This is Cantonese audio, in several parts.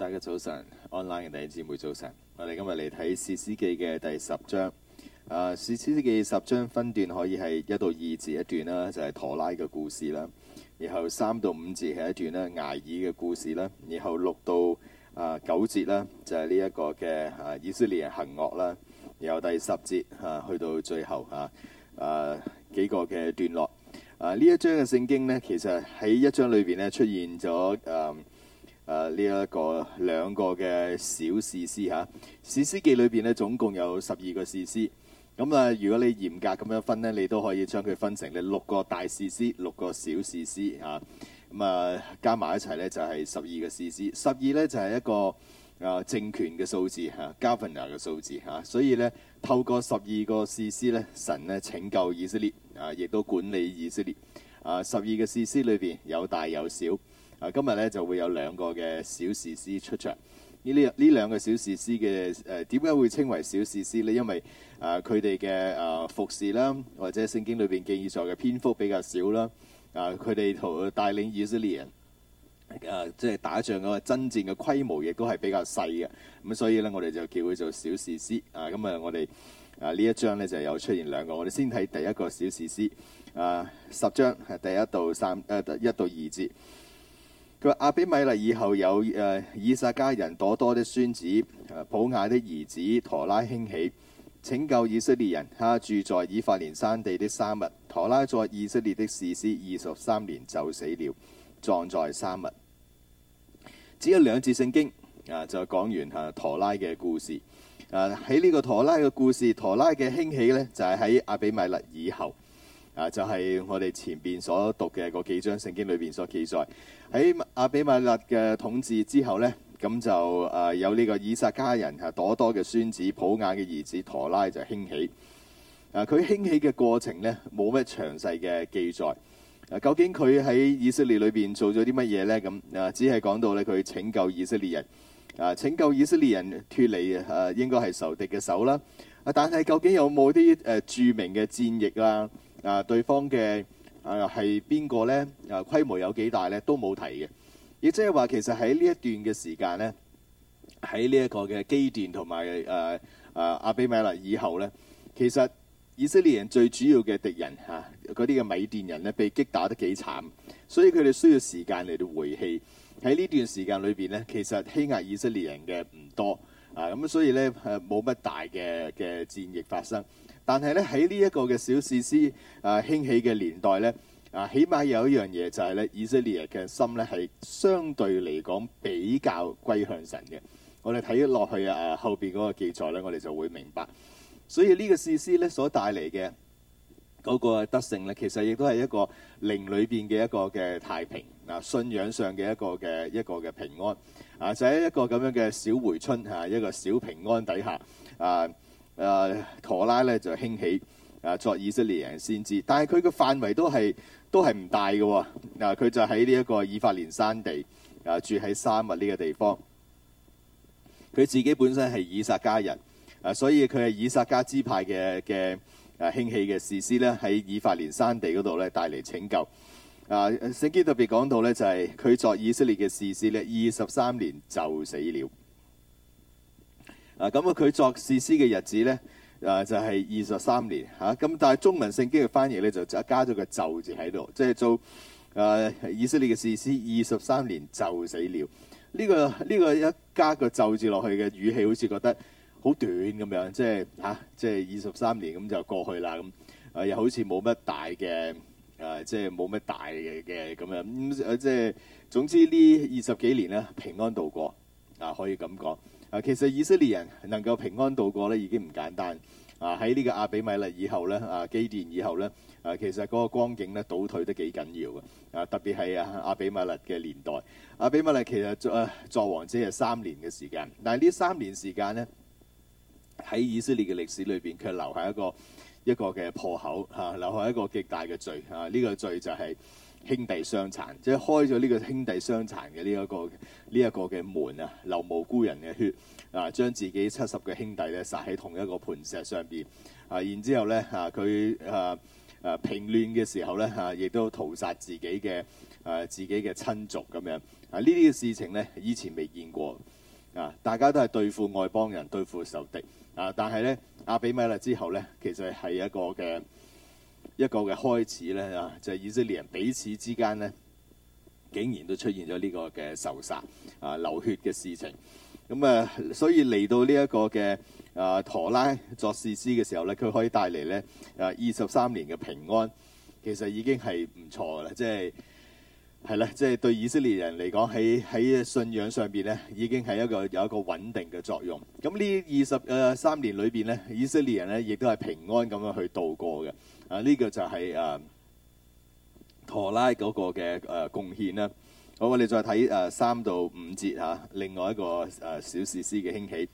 大家早晨，online 嘅弟兄姊妹早晨，我哋今日嚟睇《士師記》嘅第十章。啊，《士師記》十章分段可以係一到二節一段啦，就係、是、陀拉嘅故事啦；然後三到五節係一段咧，睚珥嘅故事啦；然後六到啊九節啦，就係呢一個嘅啊以色列人行惡啦；然後第十節啊，去到最後啊啊幾個嘅段落。啊，呢一章嘅聖經咧，其實喺一章裏邊咧出現咗啊。嗯誒呢一個兩個嘅小士師嚇，士、啊、士師記裏邊咧總共有十二個士師。咁啊，如果你嚴格咁樣分咧，你都可以將佢分成你六個大士師、六個小士師嚇。咁啊，啊，加埋一齊呢，就係十二個士師。十二呢，就係一個誒、啊、政權嘅數字嚇、啊，governor 嘅數字嚇、啊。所以呢，透過十二個士師咧，神咧拯救以色列啊，亦都管理以色列。啊，十二個士師裏邊有大有小。啊，今日咧就會有兩個嘅小士師出場。呢呢呢兩個小士師嘅誒點解會稱為小士師呢？因為啊，佢哋嘅啊服侍啦，或者聖經裏邊記載嘅篇幅比較少啦。啊、呃，佢哋同帶領以色列人啊，即、呃、係、就是、打仗嗰個爭戰嘅規模亦都係比較細嘅。咁所以呢，我哋就叫佢做小士師啊。咁、呃、啊，今我哋啊呢一章呢，就有出現兩個。我哋先睇第一個小士師啊，十章係第一到三誒、呃、一到二節。佢話，亞比米勒以後有誒以薩迦人朵多，多的孫子普雅的兒子陀拉興起拯救以色列人，他住在以法蓮山地的沙密。陀拉在以色列的士師二十三年就死了，葬在沙密。只有兩節聖經啊，就講完陀拉嘅故事。誒喺呢個陀拉嘅故事，陀拉嘅興起呢，就係、是、喺亞比米勒以後。啊，就係、是、我哋前邊所讀嘅、那個幾章聖經裏邊所記載喺阿比馬勒嘅統治之後呢，咁就啊有呢個以薩迦人啊朵多嘅孫子普雅嘅兒子陀拉就興起啊。佢興起嘅過程呢，冇咩詳細嘅記載啊。究竟佢喺以色列裏邊做咗啲乜嘢呢？咁啊，只係講到呢佢拯救以色列人啊，拯救以色列人脫離啊應該係仇敵嘅手啦。啊，但係究竟有冇啲誒著名嘅戰役啊？啊，對方嘅啊係邊個咧？啊，呢啊規模有幾大咧？都冇提嘅。亦即係話，其實喺呢一段嘅時間咧，喺呢一個嘅階段同埋誒誒阿比米勒以後咧，其實以色列人最主要嘅敵人嚇嗰啲嘅米甸人咧，被擊打得幾慘，所以佢哋需要時間嚟到回氣。喺呢段時間裏邊咧，其實欺壓以色列人嘅唔多啊，咁所以咧係冇乜大嘅嘅戰役發生。但係咧喺呢一個嘅小士師啊興起嘅年代咧啊，起碼有一樣嘢就係咧，以色列嘅心咧係相對嚟講比較歸向神嘅。我哋睇落去啊後邊嗰個記載咧，我哋就會明白。所以這個司呢個士師咧所帶嚟嘅嗰個得勝咧，其實亦都係一個靈裏邊嘅一個嘅太平啊，信仰上嘅一個嘅一個嘅平安啊，就喺、是、一個咁樣嘅小回春嚇、啊，一個小平安底下啊。誒、啊、陀拉咧就興起誒、啊、作以色列人先知，但係佢嘅範圍都係都係唔大嘅喎、啊。嗱、啊，佢就喺呢一個以法蓮山地誒、啊、住喺沙密呢個地方。佢自己本身係以撒家人，誒、啊、所以佢係以撒家支派嘅嘅誒興起嘅士師咧，喺以法蓮山地嗰度咧帶嚟拯救。誒聖經特別講到咧，就係、是、佢作以色列嘅士師咧，二十三年就死了。啊，咁啊，佢作事師嘅日子咧，就係二十三年咁但係中文聖經嘅翻譯咧，就加加咗個咒字就字喺度，即係做以色列嘅事師二十三年就死了。呢、這個呢、這個一加一個就字落去嘅語氣，好似覺得好短咁樣，即係即二十三年咁就過去啦咁、啊，又好似冇乜大嘅即係冇乜大嘅咁樣。咁即係總之呢二十幾年咧，平安度過啊，可以咁講。啊，其實以色列人能夠平安度過呢，已經唔簡單。啊，喺呢個阿比米勒以後咧，啊，基甸以後呢，啊，其實嗰個光景呢，倒退得幾緊要嘅。啊，特別係啊，阿比米勒嘅年代，阿、啊、比米勒其實作、啊、作王只係三年嘅時間，但係呢三年時間呢，喺以色列嘅歷史裏面佢留下一個一個嘅破口、啊、留下一個極大嘅罪啊！呢、呢個罪就係、是。兄弟相殘，即係開咗呢個兄弟相殘嘅呢一個呢一個嘅門啊，流無辜人嘅血啊，將自己七十嘅兄弟咧殺喺同一個磐石上邊啊，然之後咧啊佢啊啊平亂嘅時候咧啊，亦都屠殺自己嘅啊自己嘅親族咁樣啊，呢啲嘅事情呢，以前未見過啊，大家都係對付外邦人對付仇敵啊，但係咧阿比米勒之後呢，其實係一個嘅。一個嘅開始咧啊，就係以色列人彼此之間咧，竟然都出現咗呢個嘅仇殺啊、流血嘅事情。咁啊，所以嚟到呢一個嘅啊陀拉作士師嘅時候咧，佢可以帶嚟咧啊二十三年嘅平安，其實已經係唔錯嘅啦。即係係啦，即係對以色列人嚟講喺喺信仰上邊咧，已經係一個有一個穩定嘅作用。咁呢二十誒三年裏邊咧，以色列人咧亦都係平安咁樣去度過嘅。啊！呢、這個就係、是啊、陀拉嗰個嘅誒、啊、貢獻啦。好，我哋再睇、啊、三到五節、啊、另外一個、啊、小士師嘅興起、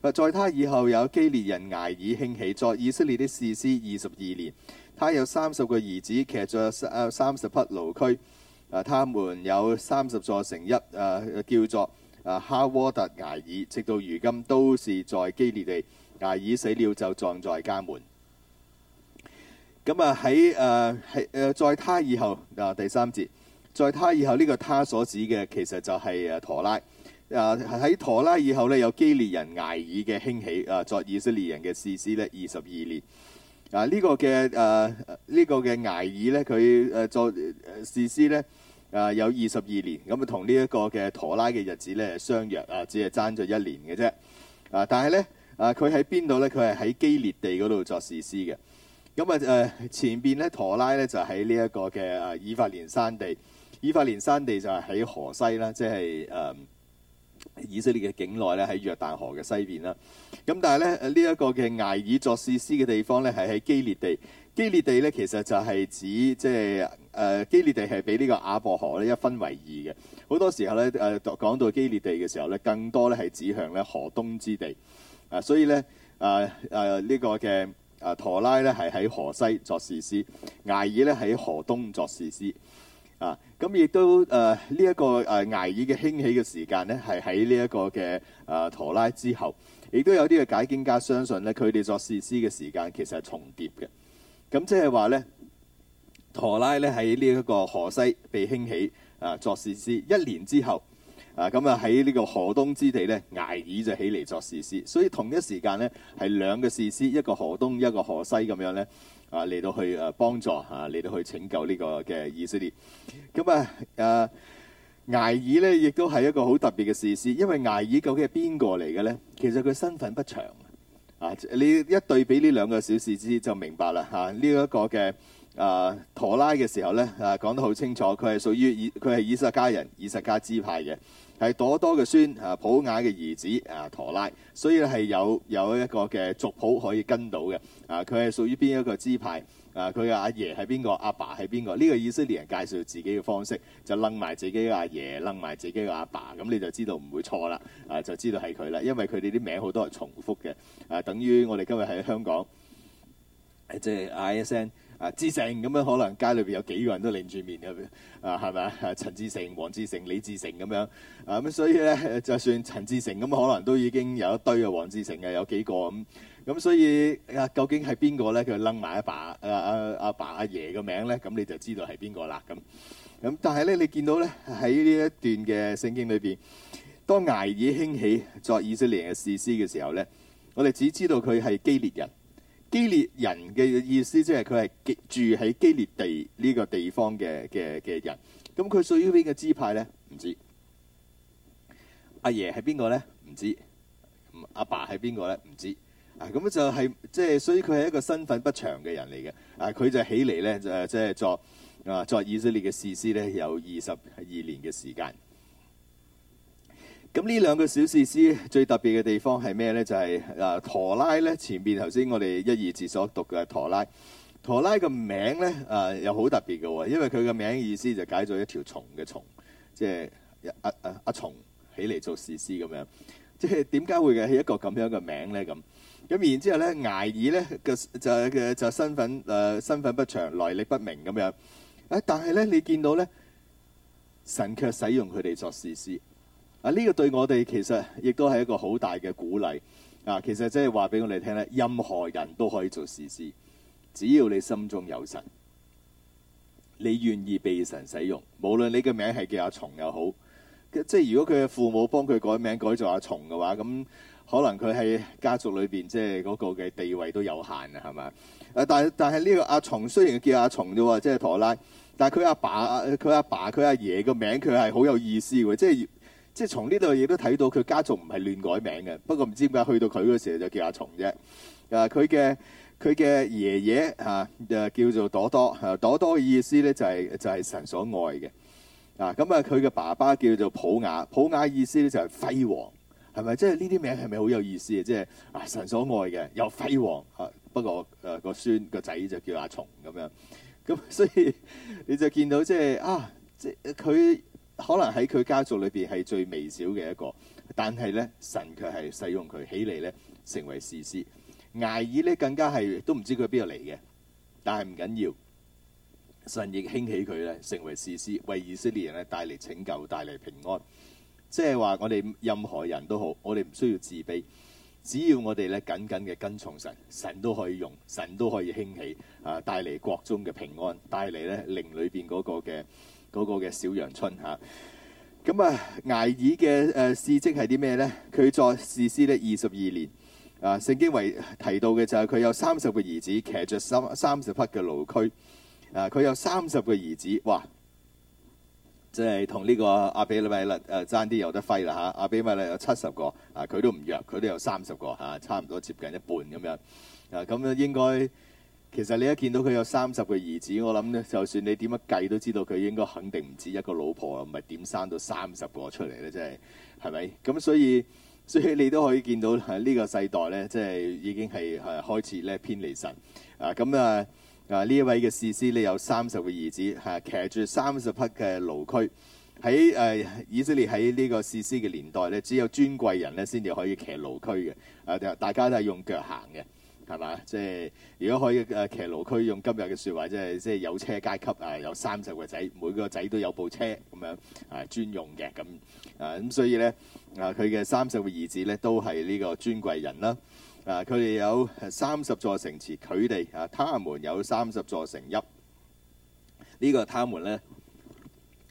啊。在他以後有基列人牙爾興起，在以色列的士師二十二年，他有三十個兒子騎着三十匹驢駒，誒他們有三十座城邑、啊，叫做哈沃特牙爾，直到如今都是在基列地。牙爾死了就葬在家門。咁啊喺在他以後啊，第三節，在他以後呢、呢個他所指嘅其實就係陀拉啊，喺陀拉以後咧，有基列人艾爾嘅興起啊，作以色列人嘅士師咧二十二年啊，呢、呢個嘅誒呢個嘅艾爾咧，佢誒作士師咧啊有二十二年，咁啊同呢一個嘅陀拉嘅日子咧相約啊，只係爭咗一年嘅啫啊。但係咧啊，佢喺邊度咧？佢係喺基列地嗰度作士師嘅。咁啊誒前邊咧陀拉咧就喺呢一個嘅啊以法蓮山地，以法蓮山地就係喺河西啦，即係誒以色列嘅境內咧喺約旦河嘅西邊啦。咁但係咧呢一、這個嘅睚珥作士師嘅地方咧係喺基列地，基列地咧其實就係指即係誒基列地係俾呢個雅博河呢一分為二嘅。好多時候咧誒講到基列地嘅時候咧，更多咧係指向咧河東之地啊，所以咧啊啊呢、呃呃這個嘅。啊陀拉咧係喺河西作士師，艾爾咧喺河東作士師。啊，咁亦都誒呢一個誒、啊、艾爾嘅興起嘅時間咧，係喺呢一個嘅啊陀拉之後，亦都有啲嘅解經家相信咧，佢哋作士師嘅時間其實係重疊嘅。咁即係話咧，陀拉咧喺呢一個河西被興起啊作士師一年之後。啊，咁啊喺呢個河東之地咧，睚珥就起嚟作士師。所以同一時間呢，係兩個士師，一個河東，一個河西咁樣呢，啊嚟到去啊幫助嚇，嚟、啊、到去拯救呢個嘅以色列。咁啊，誒睚珥呢，亦都係一個好特別嘅士師，因為睚珥究竟係邊個嚟嘅呢？其實佢身份不詳啊！你一對比呢兩個小士師就明白啦嚇。呢、啊、一、這個嘅啊陀拉嘅時候呢，啊講得好清楚，佢係屬於以佢係以薩迦人、以薩迦支派嘅。係朵多嘅孫，啊普雅嘅兒子，啊陀拉，所以咧係有有一個嘅族譜可以跟到嘅。啊，佢係屬於邊一個支派？啊，佢嘅阿爺係邊個？阿爸係邊個？呢個以色列人介紹自己嘅方式，就楞埋自己嘅阿爺，爺，楞埋自己嘅阿爸，咁你就知道唔會錯啦。啊，就知道係佢啦，因為佢哋啲名好多係重複嘅。啊，等於我哋今日喺香港，即係嗌一聲。啊，志成咁樣、嗯，可能街裏邊有幾個人都擰住面嘅，啊係咪啊？陳志成、王志成、李志成咁樣，咁、嗯、所以咧，就算陳志成咁、嗯，可能都已經有一堆嘅王志成嘅有幾個咁，咁、嗯嗯、所以啊，究竟係邊個咧？佢掕埋阿爸、阿阿阿爸阿爺嘅名咧，咁、嗯、你就知道係邊個啦咁。咁、嗯、但係咧，你見到咧喺呢在這一段嘅聖經裏邊，當睚珥興起作以色列嘅士師嘅時候咧，我哋只知道佢係基列人。基列人嘅意思即係佢係住喺基列地呢個地方嘅嘅嘅人，咁佢屬於邊個支派咧？唔知。阿爺係邊個咧？唔知。阿爸係邊個咧？唔知。啊，咁就係即係所以佢係一個身份不詳嘅人嚟嘅。啊，佢就起嚟咧就即係作啊作以色列嘅士師咧，有二十二年嘅時間。咁呢兩個小士師最特別嘅地方係咩呢？就係、是啊、陀拉呢前面頭先我哋一二字所讀嘅陀拉，陀拉嘅名呢、啊、又好特別嘅喎、哦，因為佢嘅名意思就解咗一條蟲嘅蟲，即係阿阿蟲起嚟做士師咁樣。即係點解會嘅起一個咁樣嘅名呢？咁咁然之後呢，睚珥呢嘅就嘅就，就身份、啊、身份不詳、來歷不明咁樣。但係呢，你見到呢，神卻使用佢哋作士師。啊！呢、這個對我哋其實亦都係一個好大嘅鼓勵啊！其實即係話俾我哋聽咧，任何人都可以做士師，只要你心中有神，你願意被神使用，無論你嘅名係叫阿松又好，即係如果佢嘅父母幫佢改名改做阿松嘅話，咁可能佢喺家族裏面即係嗰個嘅地位都有限啊，係咪？誒，但但係呢個阿松雖然叫阿松啫喎，即係陀拉，但係佢阿爸佢阿爸佢阿爺嘅名佢係好有意思嘅，即係即係從呢度嘢都睇到佢家族唔係亂改名嘅，不過唔知點解去到佢嗰時候就叫阿松啫。誒，佢嘅佢嘅爺爺啊，誒叫做朵朵，朵朵嘅意思咧就係、係、就係、係、神所愛嘅。啊咁啊佢嘅爸爸叫做普雅，普雅意思咧就係輝煌，係咪？即係呢啲名係咪好有意思、就係、啊？即係啊神所愛嘅又輝煌啊。不過誒、啊那個孫個仔就叫阿松咁樣，咁所以你就見到即、就、係、係、啊即係佢。就係可能喺佢家族裏邊係最微小嘅一個，但係呢神卻係使用佢起嚟呢成為士師。睚珥呢更加係都唔知佢邊度嚟嘅，但係唔緊要，神亦興起佢呢成為士師，為以色列人呢帶嚟拯救、帶嚟平安。即係話我哋任何人都好，我哋唔需要自卑，只要我哋呢緊緊嘅跟從神，神都可以用，神都可以興起啊，帶嚟國中嘅平安，帶嚟呢靈裏邊嗰個嘅。嗰個嘅小陽春嚇，咁啊，啊，睚珥嘅誒事蹟係啲咩咧？佢在士師呢二十二年，啊，聖經為提到嘅就係、是、佢有三十個兒子騎着三三十匹嘅驢駒，啊，佢有三十個兒子，哇，即係同呢個亞比米勒誒爭啲有得揮啦嚇、啊，亞比米勒有七十個，啊，佢都唔弱，佢都有三十個嚇、啊，差唔多接近一半咁樣，啊，咁啊樣應該。其實你一見到佢有三十個兒子，我諗咧，就算你點樣計都知道佢應該肯定唔止一個老婆啊，唔係點生到三十個出嚟咧？真係係咪？咁所以所以你都可以見到呢、啊呢個世代咧，即係已經係開開始咧偏離神啊！咁啊啊呢一位嘅士師咧有三十個兒子，嚇、啊、騎住三十匹嘅驢驢喺誒以色列喺呢個士師嘅年代咧，只有尊貴人咧先至可以騎驢驢嘅，啊大家都係用腳行嘅。係嘛？即係如果可以，啊、騎樓區用今日嘅説話，即係即係有車階級啊！有三十個仔，每個仔都有部車咁樣啊，專用嘅咁啊，咁所以咧啊，佢嘅三十個兒子咧都係呢個尊貴人啦啊！佢哋有三十座城池，佢哋啊，他們有三十座城邑。呢、啊這個他們咧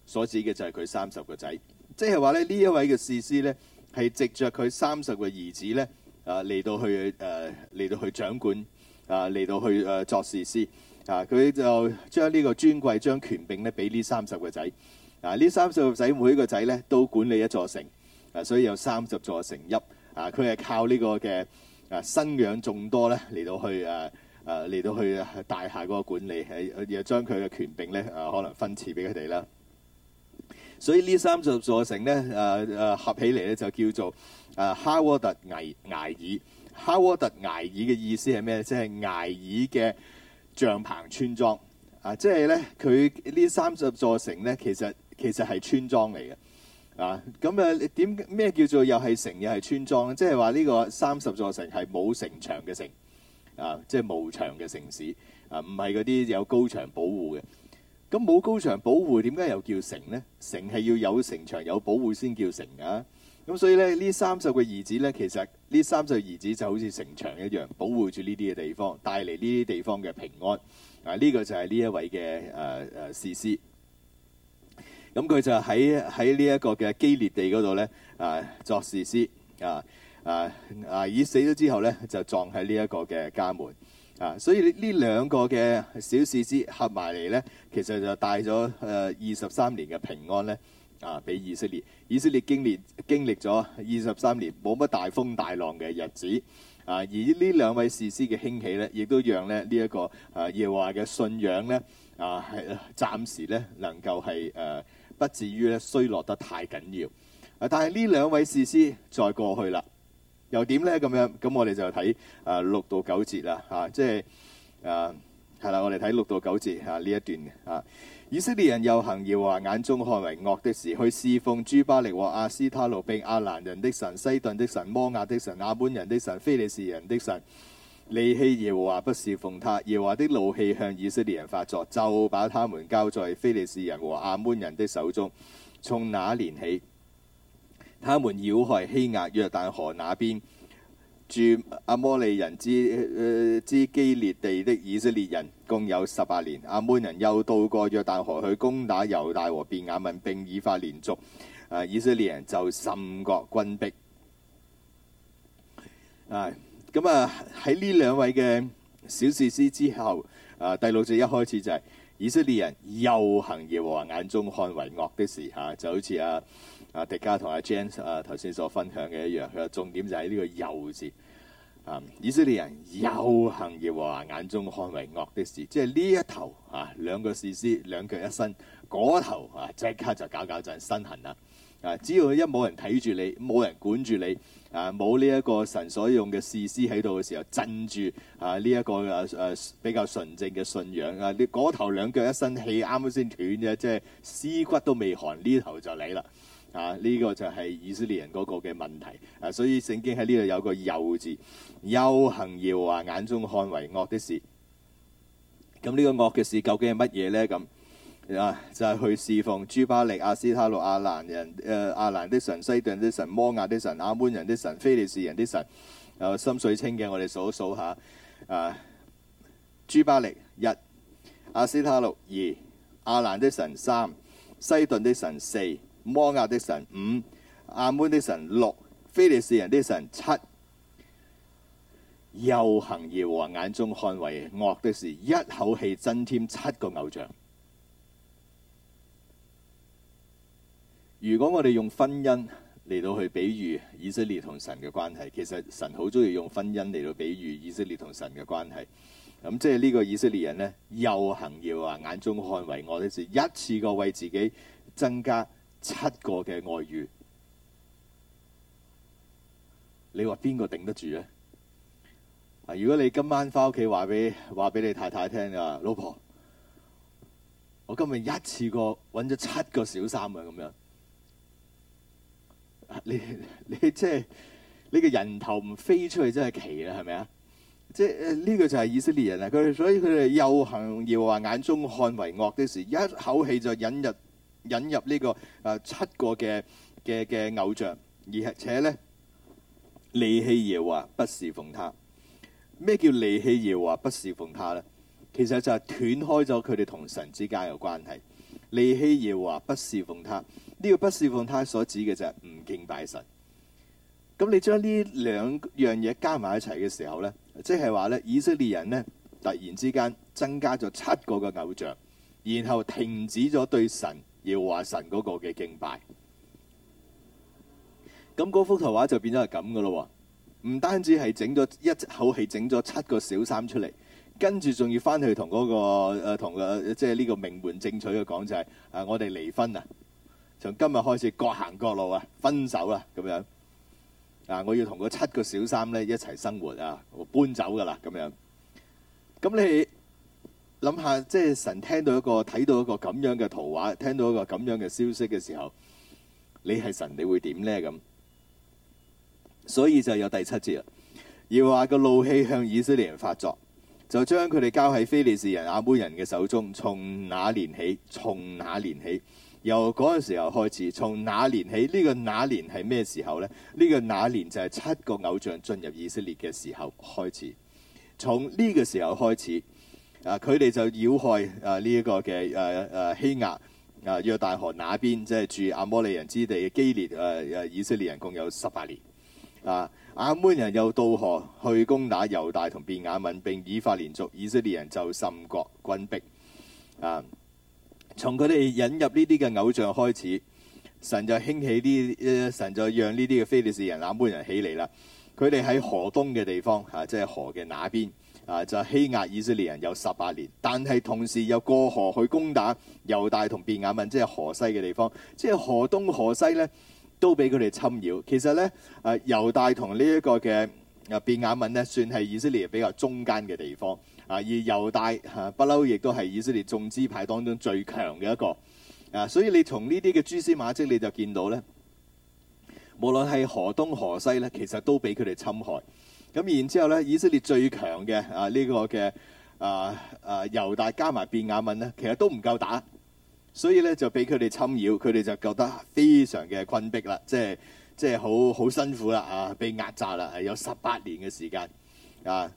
所指嘅就係佢三十個仔，即係話咧呢一位嘅士師咧係藉着佢三十個兒子咧。就是啊，嚟到去誒，嚟到去掌管啊，嚟到去誒，作士師啊，佢就將呢個尊貴將權柄咧，俾呢三十個仔啊，呢三十個仔每個仔咧，都管理一座城啊，所以有三十座城邑啊，佢係靠呢個嘅啊生養眾多咧，嚟到去誒誒，嚟到去大廈嗰個管理係，亦將佢嘅權柄咧啊，可能分賜俾佢哋啦，所以呢三十座城咧，誒誒，合起嚟咧就叫做。誒哈沃特艾艾爾，哈沃特艾爾嘅意思係咩？即係艾爾嘅帳篷村莊啊！即係咧，佢呢三十座城咧，其實其實係村莊嚟嘅啊！咁啊，點咩叫做又係城又係村莊？即係話呢個三十座城係冇城牆嘅城啊，即係無牆嘅城市啊，唔係嗰啲有高牆保護嘅。咁冇高牆保護，點解又叫城呢？城係要有城牆有保護先叫城㗎，啊。咁所以咧，呢三十個兒子咧，其實呢三十個兒子就好似城牆一樣，保護住呢啲嘅地方，帶嚟呢啲地方嘅平安。啊，呢、這個就係呢一位嘅誒誒士師。咁、啊、佢、啊啊、就喺喺呢一個嘅基列地嗰度咧，啊作士師。啊啊啊！已死咗之後咧，就撞喺呢一個嘅家門。啊，所以兩呢兩個嘅小士師合埋嚟咧，其實就帶咗二十三年嘅平安咧。啊！俾以色列，以色列經歷經歷咗二十三年，冇乜大風大浪嘅日子。啊！而呢兩位士師嘅興起呢，亦都讓咧呢一、這個、啊、耶和華嘅信仰呢，啊，係暫時呢能夠係誒、啊，不至於咧衰落得太緊要。啊！但係呢兩位士師再過去啦，又點呢？咁樣咁我哋就睇誒、啊、六到九節啦。嚇、啊，即係誒。啊。係啦，我哋睇六到九節啊呢一段啊，以色列人又行耶和華眼中看為惡的事，去侍奉諸巴力和亞斯他錄、並亞蘭人的神、西頓的神、摩亞的神、亞們人的神、非利士人的神，離棄耶和華，不侍奉他。耶和華的怒氣向以色列人發作，就把他們交在非利士人和亞們人的手中。從那年起，他們擾害希亞約旦河那邊，住阿摩利人之誒、呃、之基列地的以色列人共有十八年，亞捫人又到過約旦河去攻打猶大和便雅憫，並以法蓮族，誒、啊、以色列人就甚覺窘迫。誒咁啊喺呢、啊、兩位嘅小士師之後，誒、啊、第六節一開始就係以色列人又行耶和華眼中看為惡的事嚇、啊，就好似啊阿迪加同阿 Jans 啊頭先、啊、所分享嘅一樣，佢嘅重點就係呢個又字。啊！以色列人又行耶和華眼中看為惡的事，即係呢一頭啊，兩個士師兩腳一伸，嗰頭啊即刻就搞搞震身痕啦！啊，只要一冇人睇住你，冇人管住你，啊冇呢一個神所用嘅士師喺度嘅時候，鎮住啊呢一個啊啊比較純正嘅信仰啊，你嗰頭兩腳一伸氣，氣啱啱先斷啫，即係屍骨都未寒，呢頭就嚟啦。啊！呢、這個就係以色列人嗰個嘅問題啊，所以聖經喺呢度有個又字，又行耶和華啊，眼中看為惡的事。咁呢個惡嘅事究竟係乜嘢呢？咁啊，就係、是、去侍奉諸巴力、阿斯塔路、亞蘭人、誒、啊、亞蘭的神、西頓的神、摩亞的神、亞捫人的神、菲利士人的神。啊，心水清嘅，我哋數一數一下啊，諸巴力一、阿斯塔路二、亞蘭的神三、西頓的神四。摩押的神五、亞捫的神六、非利士人的神七，又行耶和眼中看為惡的事，一口氣增添七個偶像。如果我哋用婚姻嚟到去比喻以色列同神嘅關係，其實神好中意用婚姻嚟到比喻以色列同神嘅關係。咁即係呢個以色列人呢，又行耶和眼中看為惡的事，一次過為自己增加，七個嘅外遇，你話邊個頂得住咧？啊，如果你今晚翻屋企話俾話俾你太太聽啊，老婆，我今日一次過揾咗七個小三啊，咁樣你，你你即係你個人頭唔飛出去真係奇啦，係咪啊？即係呢個就係以色列人啊！佢所以佢哋又行耶和華，眼中看為惡的事，一口氣就引入。引入呢，這個誒，呃、七個嘅嘅嘅偶像，而且呢，離棄耶華不侍奉他。咩叫離棄耶華不侍奉他呢？其實就係斷開咗佢哋同神之間嘅關係。離棄耶華不侍奉他呢，這個不侍奉他所指嘅就係唔敬拜神。咁你將呢兩樣嘢加埋一齊嘅時候呢，即係話呢，以色列人呢，突然之間增加咗七個嘅偶像，然後停止咗對神。要話神嗰個嘅敬拜，咁嗰幅圖畫就變咗係咁嘅咯喎，唔單止係整咗一口氣整咗七個小三出嚟，那個啊，跟住仲要翻去同嗰個誒同個即係呢個名門正娶嘅講就係誒我哋離婚啊，從今日開始各行各路啊，分手啦咁樣，啊我要同個七個小三咧一齊生活啊，我搬走噶啦咁樣，咁你？諗下，即係神聽到一個睇到一個咁樣嘅圖畫，聽到一個咁樣嘅消息嘅時候，你係神，你會點呢？咁？所以就有第七節啦，要話個怒氣向以色列人發作，就將佢哋交喺非利士人、亞捫人嘅手中。從那年起？從那年起？由嗰時候開始？從那年起？呢個那年係咩時候呢？呢個那年就係七個偶像進入以色列嘅時候開始。從呢個時候開始。啊！佢哋就擾害啊！呢、這、一個嘅誒誒希亞啊約大河那邊，即係住阿摩利人之地嘅基列誒誒以色列人，共有十八年。啊！亞捫人又渡河去攻打猶大同便雅憫，並以法蓮族，以色列人就甚覺窘迫。啊！從佢哋引入呢啲嘅偶像開始，神就興起啲，神就讓呢啲嘅非利士人、亞捫人起嚟啦。佢哋喺河東嘅地方嚇、啊，即係河嘅那邊。啊，就欺壓以色列人有十八年，但係同時又過河去攻打猶大同便雅憫，即係河西嘅地方，即係河東、河西呢，都俾佢哋侵擾。其實呢，誒、啊、猶大同呢一個嘅誒便雅憫呢，算係以色列比較中間嘅地方。啊，而猶大嚇不嬲，亦都係以色列眾支派當中最強嘅一個。啊，所以你從呢啲嘅蛛絲馬跡，你就見到呢，無論係河東河西呢，其實都俾佢哋侵害。咁然之後咧，以色列最強嘅啊、這個、啊、啊呢個嘅啊啊猶大加埋便雅憫咧，其實都唔夠打，所以咧就被佢哋侵擾，佢哋就覺得非常嘅困迫啦，即係即係好好辛苦啦啊，被壓榨啦，係有十八年嘅時間啊。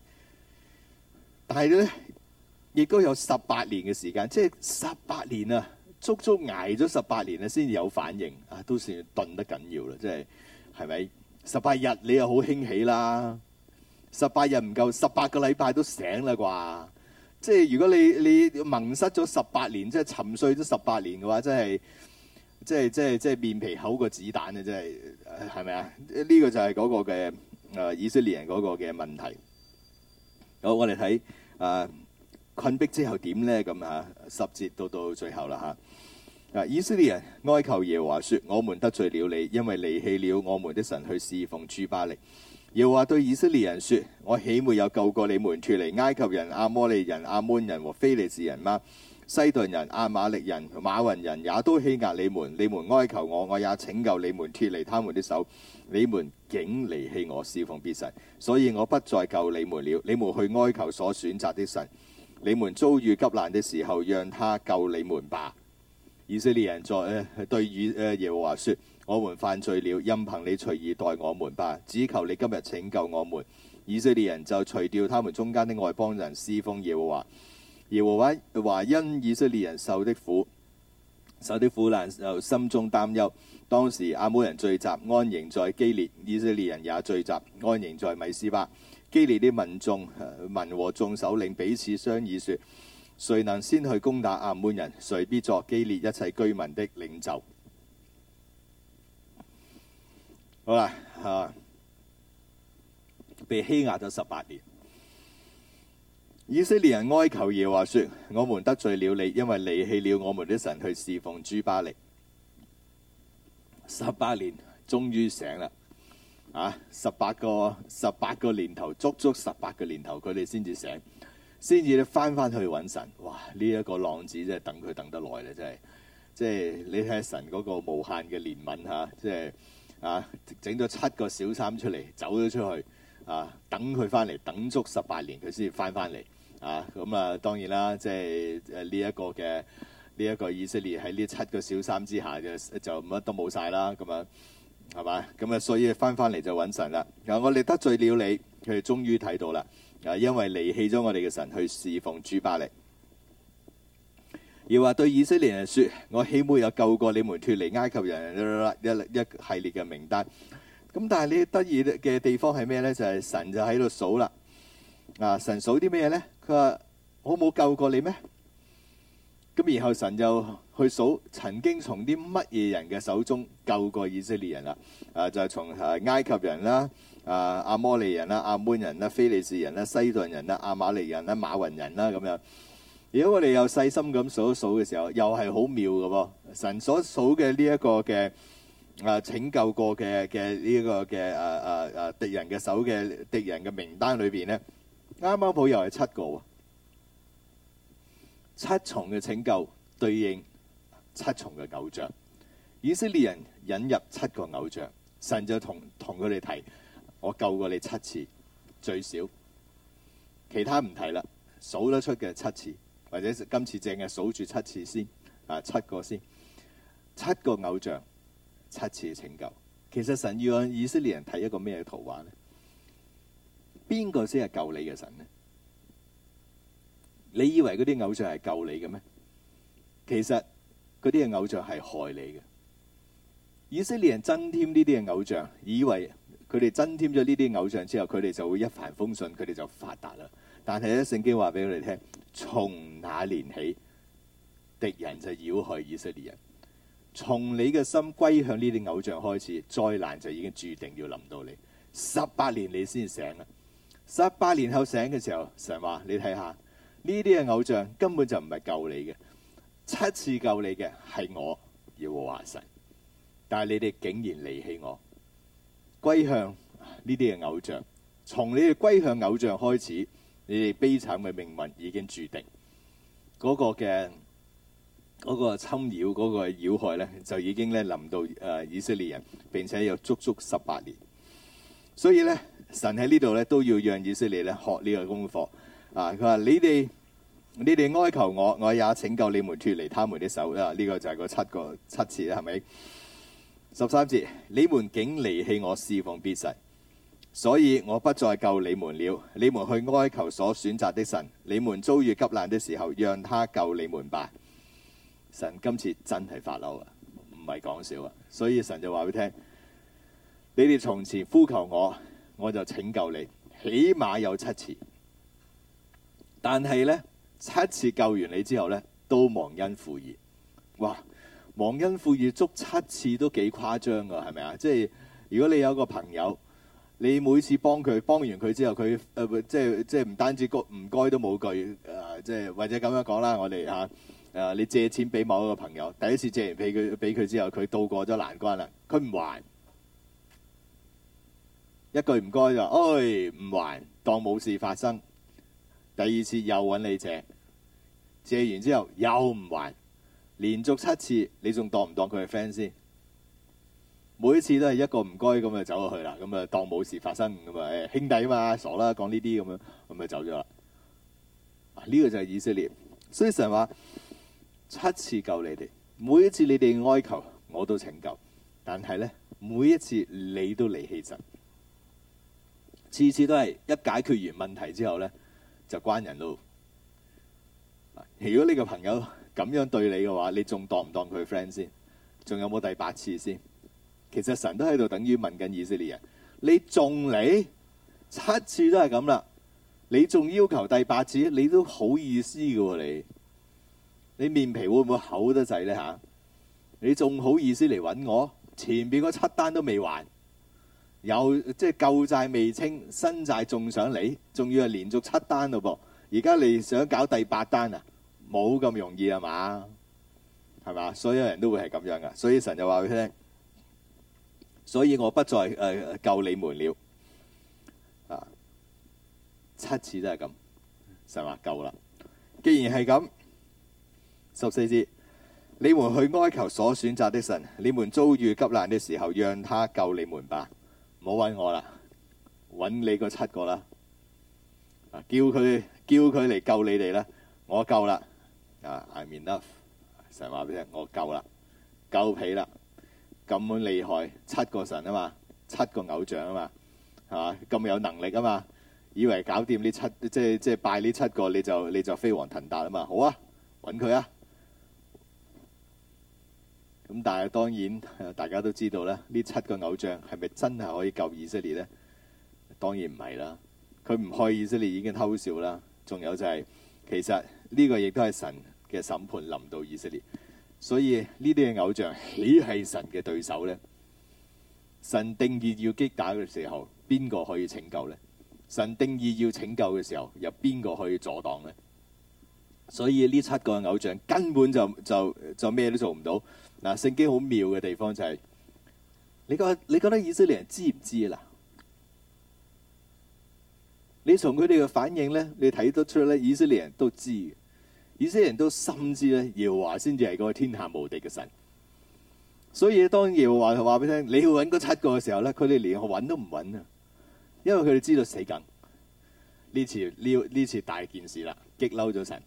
但係咧，亦都有十八年嘅時間，即係十八年啊，足足挨咗十八年啊，先有反應啊，都算鈍得緊要啦，即係係咪十八日你又好興起啦？十八日唔夠，十八個禮拜都醒啦啩！即係如果你你矇失咗十八年，即係沉睡咗十八年嘅話，真係，即係即係即係面皮厚過子彈、這個、啊！真係，係咪啊？呢個就係嗰個嘅啊以色列人嗰個嘅問題。好，我哋睇啊困逼之後點咧？咁啊十節到到最後啦嚇。啊以色列人哀求耶和華說：我們得罪了你，因為離棄了我們的神去侍奉諸巴力。耶和華對以色列人說我豈沒有救過你們脫離埃及人、阿摩利人、阿門人和非利士人嗎？西頓人、阿瑪力人、馬雲人也都欺壓你們，你們哀求我，我也拯救你們脫離他們的手。你們竟離棄我，侍奉別神，所以我不再救你們了。你們去哀求所選擇的神。你們遭遇急難的時候，讓他救你們吧。以色列人在、呃、對、呃、耶和華說我們犯罪了，任憑你隨意待我們吧，只求你今日拯救我們。以色列人就除掉他們中間的外邦人，事奉耶和華。耶和華話因以色列人受的苦、受的苦難，心中擔憂。當時亞捫人聚集安營在基列，以色列人也聚集安營在米斯巴。基列的民眾、民和眾首領彼此商議說：誰能先去攻打亞捫人，誰必作基列一切居民的領袖。好啦，啊，被欺壓咗十八年，以色列人哀求耶和華說：我們得罪了你，因為離棄了我們的神，去侍奉諸巴力。十八年終於醒啦，啊，十八個十八個年頭，足足十八個年頭，佢哋先至醒，先至翻翻去揾神。哇！呢、這、一個浪子真係，等佢等得耐咧，真係，即係你睇神嗰個無限嘅憐憫嚇，即係。啊！整咗七個小三出嚟，走咗出去啊！等佢翻嚟，等足十八年，佢先至翻翻嚟啊！咁啊，當然啦，即係誒呢一個嘅呢一個以色列喺呢七個小三之下嘅就乜都冇晒啦，咁樣係嘛？咁啊，所以翻翻嚟就揾神啦。啊，我哋得罪了你，佢哋終於睇到啦。啊，因為離棄咗我哋嘅神，去侍奉諸巴力。要話對以色列人說，我豈沒有救過你們脫離埃及人一一系列嘅名單？咁但係你得意嘅地方係咩呢？就係、是、神就喺度數啦。啊，神數啲咩呢？佢話我冇救過你咩？咁然後神就去數曾經從啲乜嘢人嘅手中救過以色列人啦。啊，就係、是、從埃及人啦、啊、阿摩利人啦、阿滿人啦、非利士人啦、西頓人啦、阿瑪利人啦、馬雲人啦咁如果我哋又細心咁數一數嘅時候，又係好妙嘅喎！神所數嘅呢一個嘅啊拯救過嘅嘅呢一個嘅啊啊啊敵人嘅手嘅敵人嘅名單裏邊咧，啱啱好又係七個喎，七重嘅拯救對應七重嘅偶像。以色列人引入七個偶像，神就同同佢哋提：我救過你七次，最少，其他唔提啦，數得出嘅七次。或者今次淨係數住七次先，啊七個先，七個偶像，七次拯救。其實神要讓以色列人睇一個咩圖畫呢？邊個先係救你嘅神呢？你以為嗰啲偶像係救你嘅咩？其實嗰啲嘅偶像係害你嘅。以色列人增添呢啲嘅偶像，以為佢哋增添咗呢啲偶像之後，佢哋就會一帆風順，佢哋就發達啦。但係咧，聖經話俾佢哋聽。從那年起，敵人就擾害以色列人。從你嘅心歸向呢啲偶像開始，災難就已經注定要臨到你。十八年你先醒啊！十八年後醒嘅時候，神話你睇下，呢啲嘅偶像根本就唔係救你嘅，七次救你嘅係我，要我話神。但係你哋竟然離棄我，歸向呢啲嘅偶像。從你哋歸向偶像開始，你哋悲慘嘅命運已經注定，嗰、嗰個嘅、嗰個侵擾，嗰嘅禍害咧就已經咧臨到誒以色列人，並且有足足十八年。所以咧，神喺呢度咧都要讓以色列咧學呢個功課。啊，佢話你哋你哋哀求我，我也拯救你們脫離他們的手啊！呢、呢個就係個七個七次啦，係咪？十三節，你們竟離棄我，事奉別神。所以我不再救你們了。你們去哀求所選擇的神。你們遭遇急難的時候，讓他救你們吧。神今次真係發嬲啦，唔係講笑啊。所以神就話佢聽：你哋從前呼求我，我就拯救你，起碼有七次。但係呢，七次救完你之後呢，都忘恩負義。哇，忘恩負義足七次都幾誇張噶，係咪啊？即係如果你有個朋友。你每次幫佢幫完佢之後，佢誒、呃、即係即係唔單止唔該都冇句誒、呃，即係或者咁樣講啦，我哋嚇誒你借錢俾某一個朋友，第一次借完俾佢俾佢之後，佢渡過咗難關啦，佢唔還一句唔該就話，哎唔還，當冇事發生。第二次又搵你借，借完之後又唔還，連續七次，你仲當唔當佢係 friend 先？每一次都係一個唔該咁就走咗去啦，咁啊當冇事發生，咁啊誒兄弟嘛啊嘛傻啦講呢啲咁樣，咁就走咗啦。呢個就係以色列，所以成日話七次救你哋，每一次你哋哀求我都拯救，但係咧每一次你都離棄神，次次都係一解決完問題之後咧就關人路，啊。如果你個朋友咁樣對你嘅話，你仲當唔當佢 friend 先？仲有冇第八次先？其實神都喺度，等於問緊以色列人你：你仲嚟七次都係咁啦，你仲要求第八次，你都好意思嘅喎？你你面皮會唔會厚得滯咧？嚇！你仲好意思嚟揾我？前邊嗰七單都未還有，有即係舊債未清，新債仲上嚟，仲要係連續七單咯噃。而家你想搞第八單啊？冇咁容易呀嘛？係嘛？所有人都會係咁樣嘅，所以神就話佢聽。所以我不再誒救你們了，啊，七次都係咁，神話夠啦。既然係咁，十四節，你們去哀求所選擇的神，你們遭遇急難的時候，讓他救你們吧，唔好揾我啦，揾你個七個啦，啊，叫佢叫佢嚟救你哋啦，我夠啦，啊，I'm enough，神話俾你聽，我夠啦，夠皮啦。咁樣厲害，七個神啊嘛，七個偶像啊嘛，係嘛咁有能力啊嘛，以為搞掂呢七即係即係拜呢七個你就你就飛黃騰達啊嘛，好啊揾佢啊！咁但係當然大家都知道咧，呢七個偶像係咪真係可以救以色列呢？當然唔係啦，佢唔害以色列已經偷笑啦。仲有就係、是、其實呢個亦都係神嘅審判臨到以色列。所以呢啲嘅偶像豈係神嘅對手咧？神定義要擊打嘅時候，邊個可以拯救咧？神定義要拯救嘅時候，有邊個可以阻擋咧？所以呢七個偶像根本就就就咩都做唔到。嗱、啊，聖經好妙嘅地方就係、是，你覺你覺得以色列人知唔知啊啦？你從佢哋嘅反應咧，你睇得出咧，以色列人都知嘅。有些人都深知咧，耶和華先至係個天下無敵嘅神，所以咧，當耶和華話俾你聽，你要揾嗰七個嘅時候咧，佢哋連揾都唔揾啊，因為佢哋知道死梗。呢次呢，呢次大件事啦，激嬲咗神。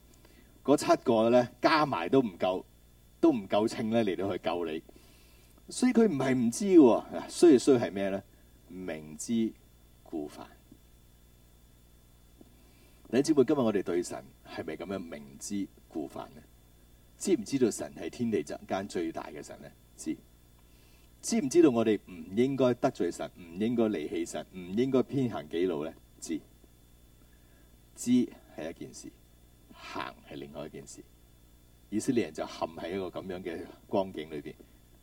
嗰七個咧加埋都唔夠，都唔夠稱咧嚟到去救你。所以佢唔係唔知嘅，衰唔衰係咩咧？明知故犯。弟兄姊妹，今日我哋對神，係咪咁樣明知故犯呢？知唔知道神係天地間最大嘅神呢？知，知唔知道我哋唔應該得罪神，唔應該離棄神，唔應該偏行己路呢？知，知係一件事，行係另外一件事。以色列人就陷喺一個咁樣嘅光景裏邊，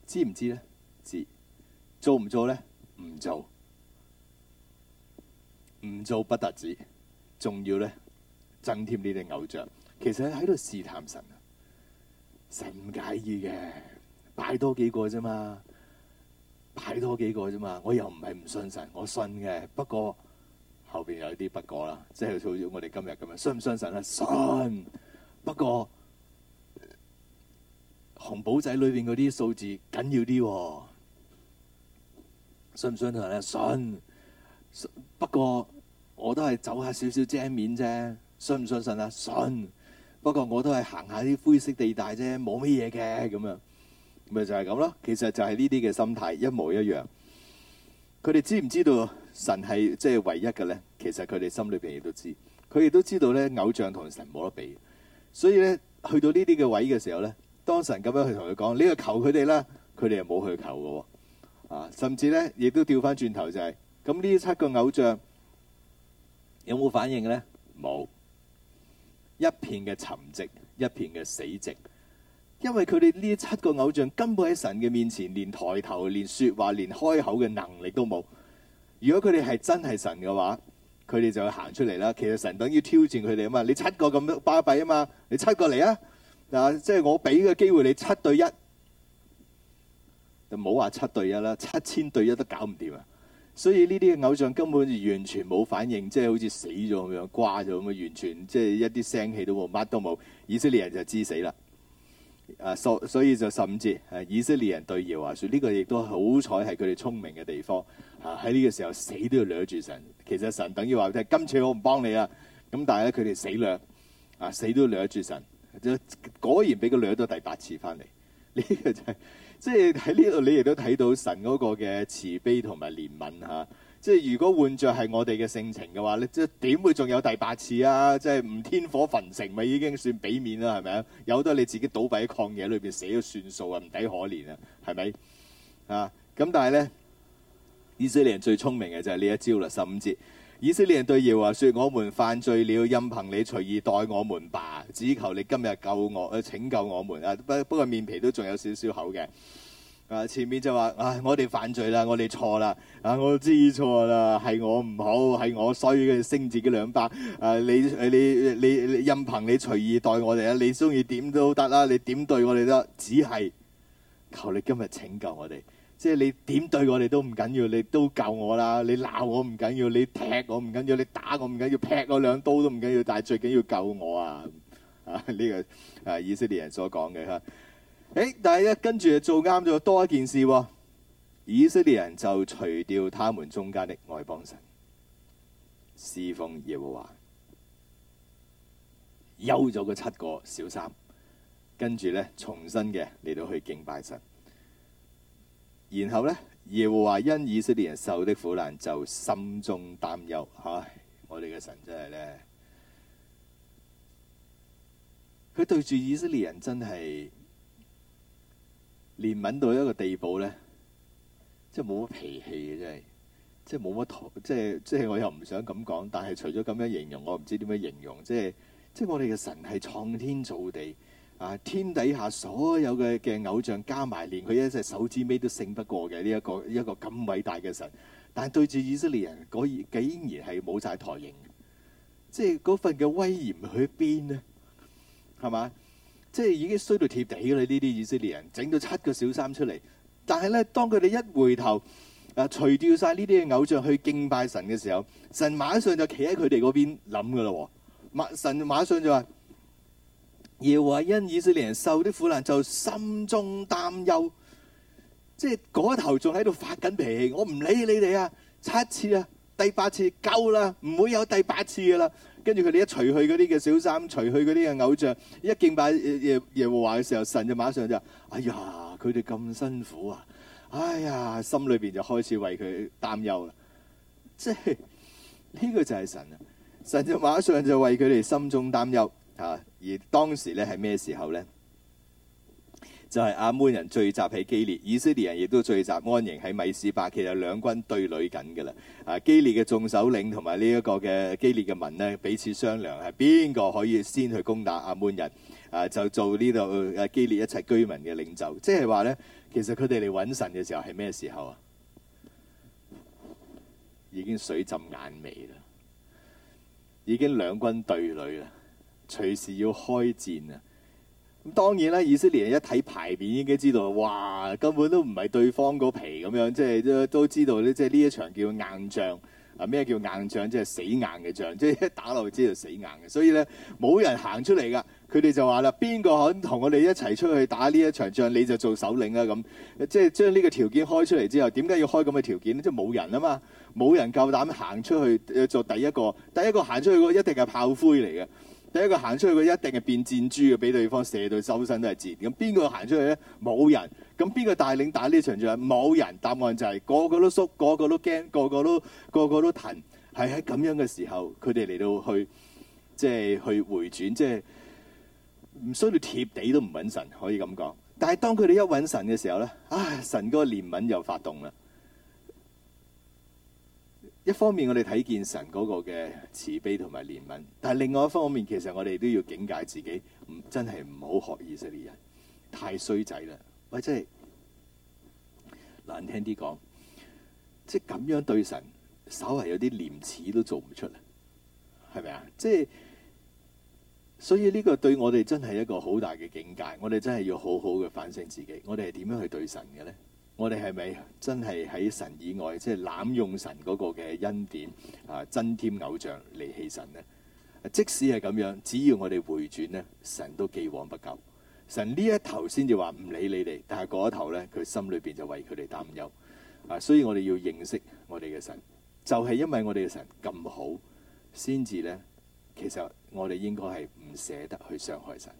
知唔知道呢？知，做唔做呢？唔做，唔做不得止。仲要呢？增添呢啲偶像，其實喺度試探神啊！神唔介意嘅，擺多幾個啫嘛，擺多幾個啫嘛。我又唔係唔信神，我信嘅。不過後邊有啲不過啦，即係好似我哋今日咁樣，信唔相信啊？信。不過紅寶仔裏邊嗰啲數字緊要啲喎，信唔信啊？信。不過我都係走一下少少正面啫。信唔信神啊？信，不過我都係行下啲灰色地帶啫，冇乜嘢嘅咁樣，咪就係、是、咁咯。其實就係呢啲嘅心態一模一樣。佢哋知唔知道神係即係唯一嘅咧？其實佢哋心裏面亦都知，佢亦都知道咧偶像同神冇得比。所以咧，去到呢啲嘅位嘅時候咧，當神咁樣去同佢講，你求呢去求佢哋啦，佢哋又冇去求嘅喎。啊，甚至咧亦都調翻轉頭就係、是，咁呢七個偶像有冇反應咧？冇。一片嘅沉寂，一片嘅死寂，因為佢哋呢七個偶像根本喺神嘅面前，連抬頭、連說話、連開口嘅能力都冇。如果佢哋係真係神嘅話，佢哋就會行出嚟啦。其實神等於挑戰佢哋啊嘛，你七個咁多巴閉啊嘛，你七個嚟啊嗱，即係我俾個機會你七對一，就唔好話七對一啦，七千對一都搞唔掂啊！所以呢啲偶像根本完全冇反應，即係好似死咗咁樣，瓜咗咁樣，完全即係一啲聲氣都冇，乜都冇。以色列人就知死啦。所、so, 所以就十五節，以色列人對耶和華説，呢個亦都好彩係佢哋聰明嘅地方。啊，喺呢個時候死都要掠住神。其實神等於話，睇今次我唔幫你啊。咁但係咧，佢哋死掠啊，死都掠住神。果然俾佢掠到第八次翻嚟。呢個就係。即係喺呢度，你亦都睇到神嗰個嘅慈悲同埋憐憫。啊、即係如果換著係我哋嘅性情嘅話咧，即係點會仲有第八次啊？即係唔天火焚城咪已經算俾面啦，係咪啊？有得你自己倒閉喺曠野裏面死，死咗算數啊，唔抵可憐啊，係咪啊？咁但係咧，以色列人最聰明嘅就係呢一招啦，十五節。以色列人對耶和華、呃、啊，説、啊哎：我們犯罪了，了啊了啊、你你你你任憑你隨意待我們吧，只求你今日救我，拯救我們啊！不不過面皮都仲有少少厚嘅。啊，前面就話：唉，我哋犯罪啦，我哋錯啦，啊，我知錯啦，係我唔好，係我衰嘅，升自己兩百。誒，你你你你任憑你隨意待我哋啦，你中意點都得啦，你點對我哋都得，只係求你今日拯救我哋。即係你點對我哋都唔緊要，你都救我啦！你鬧我唔緊要，你踢我唔緊要，你打我唔緊要，劈我兩刀都唔緊要。但係最緊要救我啊！啊呢個啊以色列人所講嘅吓。誒、欸，但係咧跟住就做啱咗多一件事，以色列人就除掉他們中間的外邦神，侍奉耶和華，休咗個七個小三，跟住咧重新嘅嚟到去敬拜神。然後呢，耶和華因以色列人受的苦難就心中擔憂，吓，我哋嘅神真係咧，佢對住以色列人真係憐憫到一個地步咧，即係冇乜脾氣嘅真係，即係冇乜，即係即係我又唔想咁講，但係除咗咁樣形容，我唔知點樣形容，即係即係我哋嘅神係創天造地。啊！天底下所有嘅嘅偶像加埋，連佢一隻手指尾都勝不過嘅呢一個一個咁偉大嘅神。但係對住以色列人，佢、嗰個、竟然係冇晒台型，即係嗰份嘅威嚴去邊咧？係嘛？即係已經衰到貼地啦！呢啲以色列人整到七個小三出嚟。但係咧，當佢哋一回頭，啊，除掉晒呢啲嘅偶像去敬拜神嘅時候，神馬上就企喺佢哋嗰邊諗噶啦喎。馬神馬上就話。耶和華因以色列人受啲苦難，就心中擔憂，即係嗰頭仲喺度發緊脾氣，我唔理你哋啊，七次啊，第八次夠啦，唔會有第八次噶啦。跟住佢哋一除去嗰啲嘅小三，除去嗰啲嘅偶像，一敬拜耶和華嘅時候，神就馬上就哎呀，佢哋咁辛苦啊！哎呀，心裏邊就開始為佢擔憂啦。即係呢個就係神啊！神就馬上就為佢哋心中擔憂。吓、啊！而當時咧係咩時候咧？就係、是、亞捫人聚集喺基列，以色列人亦都聚集安營喺米斯巴，其實兩軍對壘緊嘅啦。啊！基列嘅眾首領同埋呢一個嘅基列嘅民呢，彼此商量係邊個可以先去攻打亞捫人啊？就做呢度啊基列一切居民嘅領袖，即係話咧，其實佢哋嚟揾神嘅時候係咩時候啊？已經水浸眼眉啦，已經兩軍對壘啦。隨時要開戰啊！咁當然啦，以色列一睇牌面已經知道，哇，根本都唔係對方個皮咁樣，即係都都知道咧。即係呢一場叫硬仗啊！咩叫硬仗？即係死硬嘅仗，即係一打落去知道死硬嘅。所以咧，冇人行出嚟㗎。佢哋就話啦：邊個肯同我哋一齊出去打呢一場仗？你就做首領啊！咁即係將呢個條件開出嚟之後，點解要開咁嘅條件咧？即係冇人啊嘛，冇人夠膽行出去做第一個，第一個行出去嗰一定係炮灰嚟嘅。第一個行出去佢一定係變箭豬嘅，俾對方射到周身都係箭。咁邊個行出去咧？冇人。咁邊個帶領打呢場仗？冇人。答案就係個個都縮，個個都驚，個個都個個都騰。係喺咁樣嘅時候，佢哋嚟到去即係去回轉，即係唔需要貼地都唔搵神，可以咁講。但係當佢哋一搵神嘅時候咧，啊，神嗰個憐憫又發動啦。一方面我哋睇見神嗰個嘅慈悲同埋憐憫，但係另外一方面，其實我哋都要警戒自己，唔真係唔好學以色列人，太衰仔啦！喂，真係難聽啲講，即係咁樣對神，稍為有啲廉恥都做唔出嚟，係咪啊？即係，所以呢個對我哋真係一個好大嘅警戒，我哋真係要好好嘅反省自己，我哋係點樣去對神嘅咧？我哋係咪真係喺神以外，即係濫用神嗰個嘅恩典啊？增添偶像離棄神呢？即使係咁樣，只要我哋回轉呢，神都既往不咎。神呢一頭先至話唔理你哋，但係嗰一頭咧，佢心裏邊就為佢哋擔憂啊！所以我哋要認識我哋嘅神，就係因為我哋嘅神咁好，先至呢。其實我哋應該係唔捨得去傷害神。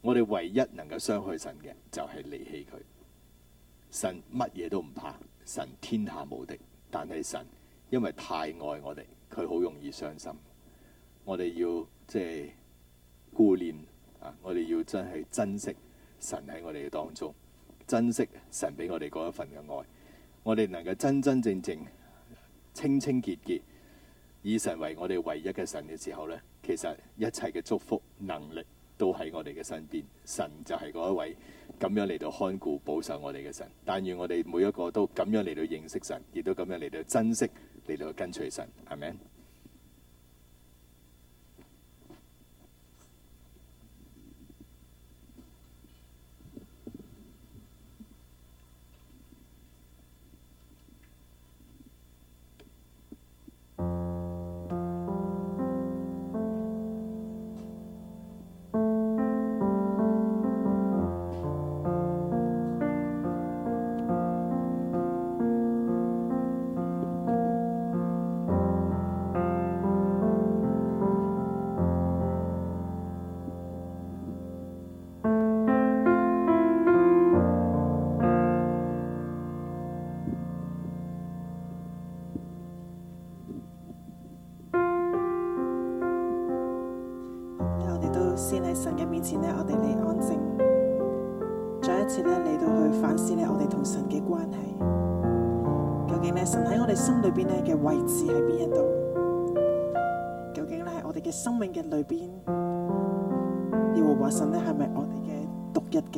我哋唯一能夠傷害神嘅，就係離棄佢。神乜嘢都唔怕，神天下無敵。但係神因為太愛我哋，佢好容易傷心。我哋要即係顧念啊！我哋要真係珍惜神喺我哋當中，珍惜神俾我哋嗰一份嘅愛。我哋能夠真真正正清清潔潔，以神為我哋唯一嘅神嘅時候咧，其實一切嘅祝福能力。都喺我哋嘅身邊，神就係嗰一位咁樣嚟到看顧、保守我哋嘅神。但願我哋每一個都咁樣嚟到認識神，亦都咁樣嚟到珍惜、嚟到跟隨神。係咪？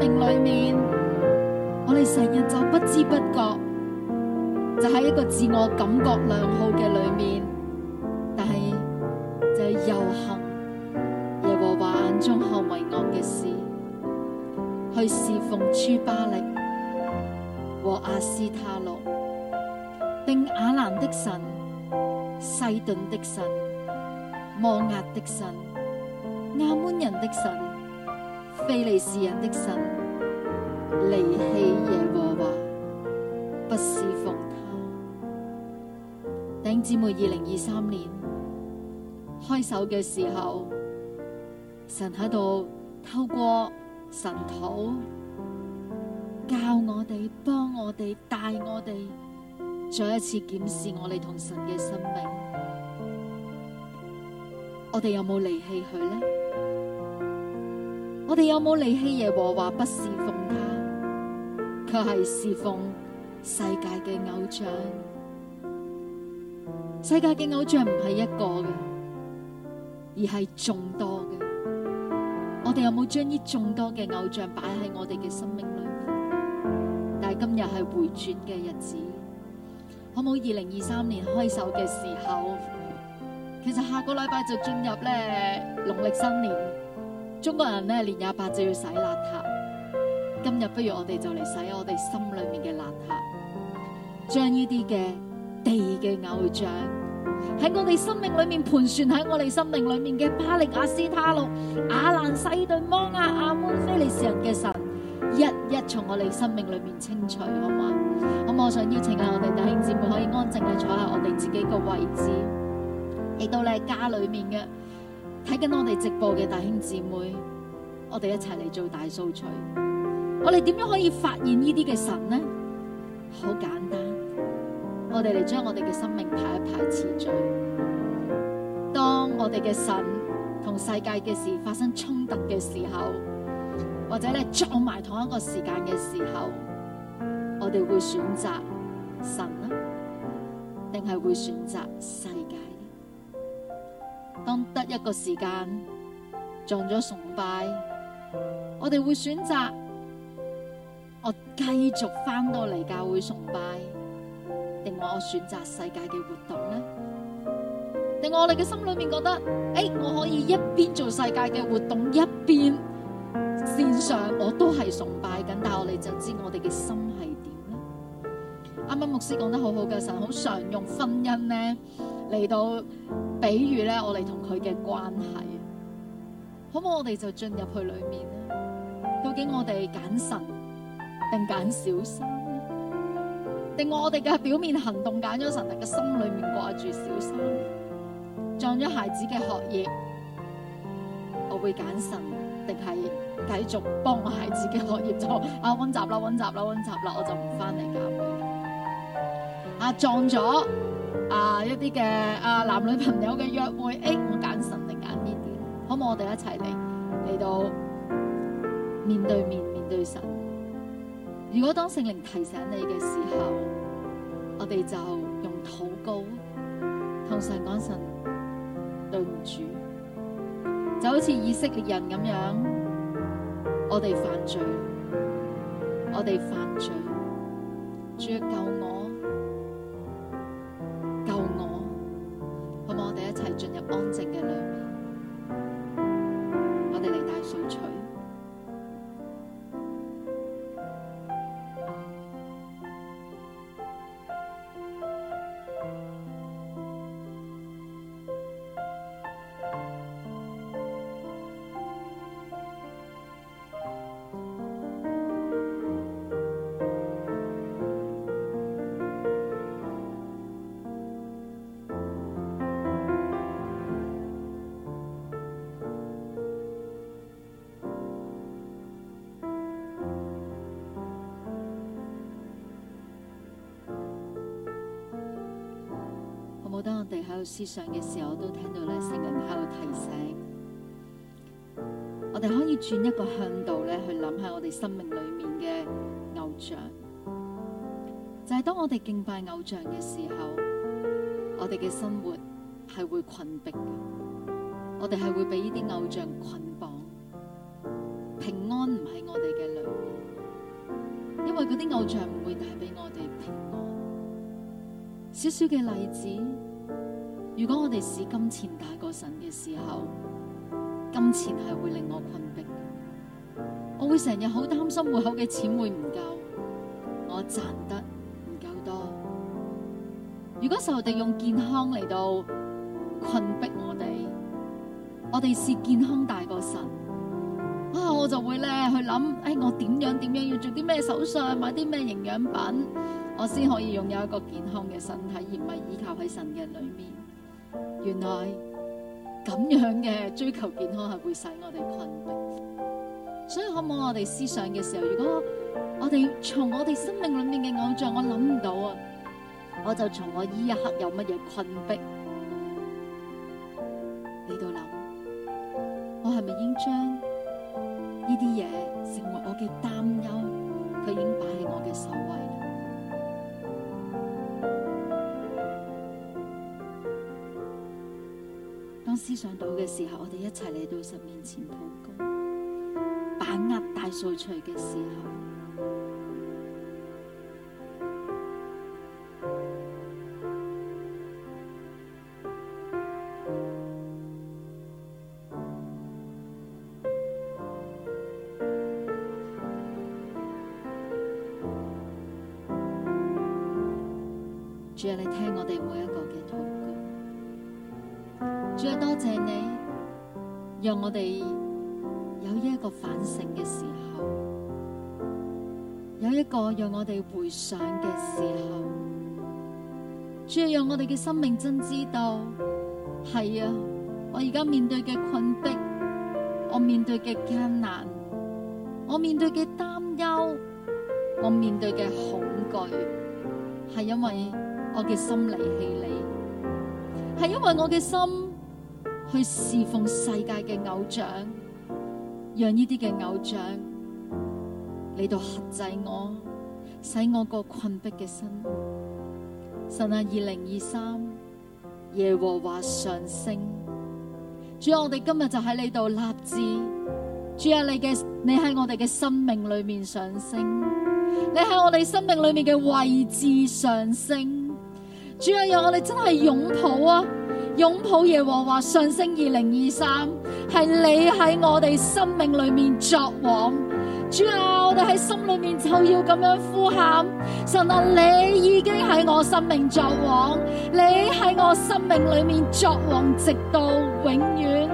命裏面，我哋成日就不知不覺，就喺一個自我感覺良好嘅裏面，但係就係遊行耶和華眼中看為惡嘅事，去侍奉朱巴力和阿斯塔洛，並亞蘭的神、西頓的神、摩押的神、亞捫人的神。非利士人的神離棄耶和華，不侍奉他。弟兄姊妹，二零二三年開首嘅時候，神喺度透過神土教我哋，幫我哋，帶我哋再一次檢視我哋同神嘅生命。我哋有冇離棄佢呢？我哋有冇離棄耶和華，不侍奉他，卻係侍奉世界嘅偶像。世界嘅偶像唔係一個嘅，而係眾多嘅。我哋有冇將呢眾多嘅偶像擺喺我哋嘅生命裏面？但係今日係回轉嘅日子，可唔可以二零二三年開首嘅時候？其實下個禮拜就進入咧農曆新年。中國人咧年廿八就要洗邋遢，今日不如我哋就嚟洗我哋心裏面嘅邋遢，將呢啲嘅地嘅偶像喺我哋生命裏面盤旋喺我哋生命裏面嘅巴力亞斯他錄、亞蘭西頓、摩亞、亞捫非利士人嘅神，一一從我哋生命裏面清除，好嘛？咁我想邀請下我哋弟兄姊妹可以安靜嘅坐喺我哋自己嘅位置，亦都你係家裏面嘅。睇緊我哋直播嘅弟兄姊妹，我哋一齊嚟做大掃除。我哋點樣可以發現呢啲嘅神呢？好簡單，我哋嚟將我哋嘅生命排一排次序。當我哋嘅神同世界嘅事發生衝突嘅時候，或者咧撞埋同一個時間嘅時候，我哋會選擇神，定係會選擇神？當得一個時間撞咗崇拜，我哋會選擇我繼續翻到嚟教會崇拜，定話我選擇世界嘅活動呢？定我哋嘅心裏面覺得，誒，我可以一邊做世界嘅活動，一邊線上我都係崇拜緊，但係我哋就知我哋嘅心係點呢？啱啱牧師講得好好嘅，神好常用婚姻呢嚟到。比如咧，我哋同佢嘅關係，可唔可我哋就進入去裏面？究竟我哋揀神，定揀小三？定我哋嘅表面行動揀咗神,神，但係嘅心裏面掛住小三，撞咗孩子嘅學業，我會揀神，定係繼續幫我孩子嘅學業就啊温習啦温習啦温習啦，我就唔翻嚟搞。啊撞咗！啊，一啲嘅，啊，男女朋友嘅約會，誒、欸，我揀神定揀呢啲，可唔可以我哋一齊嚟，嚟到面對面面對神？如果當聖靈提醒你嘅時候，我哋就用禱告同神講。神，對唔住，就好似以色列人咁樣，我哋犯罪，我哋犯罪，著救我。安靜的。我哋喺度思想嘅時候，都聽到咧聖人喺度提醒我哋，可以轉一個向度咧去諗下我哋生命裏面嘅偶像。就係當我哋敬拜偶像嘅時候，我哋嘅生活係會困迫，我哋係會俾呢啲偶像捆綁。平安唔係我哋嘅良，因為嗰啲偶像唔會帶俾我哋平安。少少嘅例子。如果我哋使金錢大過神嘅時候，金錢係會令我困迫，我會成日好擔心戶口嘅錢會唔夠，我賺得唔夠多。如果受敵用健康嚟到困迫我哋，我哋使健康大過神啊，我就會咧去諗，誒、哎，我點樣點樣要做啲咩手術，買啲咩營養品，我先可以擁有一個健康嘅身體，而唔係依靠喺神嘅裏面。原來咁樣嘅追求健康係會使我哋困迫，所以可唔可以我哋思想嘅時候，如果我哋從我哋生命裏面嘅偶像，我諗唔到啊，我就從我呢一刻有乜嘢困迫。思想到嘅時候，我哋一齊嚟到神面前禱告，把握大掃除嘅時候。主啊，你聽我哋每一。讓我哋有一個反省嘅時候，有一個讓我哋回想嘅時候，主要讓我哋嘅生命真知道，係啊，我而家面對嘅困逼，我面對嘅艱難，我面對嘅擔憂，我面對嘅恐懼，係因為我嘅心離棄你，係因為我嘅心。去侍奉世界嘅偶像，讓呢啲嘅偶像嚟到克制我，使我個困逼嘅身。神啊，二零二三，耶和華上升。主啊，我哋今日就喺呢度立志。主啊，你嘅你喺我哋嘅生命裏面上升，你喺我哋生命裏面嘅位置上升。主啊有啊，讓我哋真係擁抱啊！擁抱耶和華上升二零二三，係你喺我哋生命裏面作王，主啊，我哋喺心裏面就要咁樣呼喊，神啊，你已經喺我生命作王，你喺我生命裏面作王直到永遠，